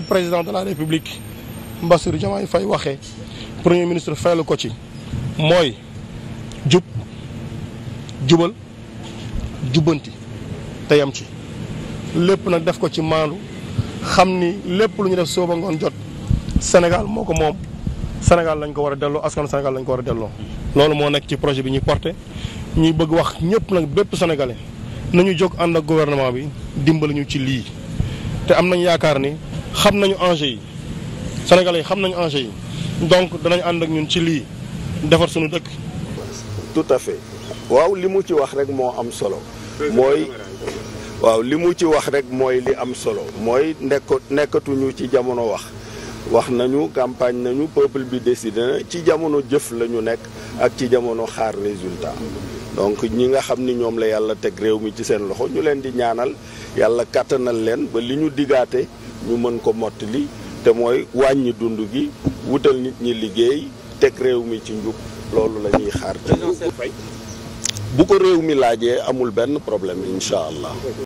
président de la république Bassirou Diomaye fay waxee premier ministre faylu ko ci mooy jub jubal jubbanti te yam ci lépp nag def ko ci maandu xam ni lépp lu ñu def sooba ngoon jot Sénégal moo ko moom Sénégal lañ ko war a delloo askan Sénégal lañ ko war a delloo loolu moo nekk ci projet bi ñu porté ñuy bëgg wax ñëpp nag bépp sénégalais nañu jóg ànd ak gouvernement bi dimbali ñu ci lii te am nañ yaakaar ni xam nañu enjeu yi sénégalais yi xam nañu enjeu yi donc danañ ànd ak ñun ci lii defar suñu dëkk. tout à fait waaw li mu ci wax rek moo am solo. mooy waaw li mu ci wax rek mooy li am solo mooy nekk nekkatuñu ci jamono wax. wax nañu campagne nañu peuple bi décidé na ci jamono jëf la ñu nekk ak ci jamono xaar résultat donc ñi nga xam ni ñoom la yàlla teg réew mi ci seen loxo ñu leen di ñaanal yàlla kàttanal leen ba li ñu digaate ñu mën ko mottali te mooy wàññi dund gi wutal nit ñi liggéey teg réew mi ci njub loolu la ñuy xaar te bu ko réew mi laajee amul benn problème incha allah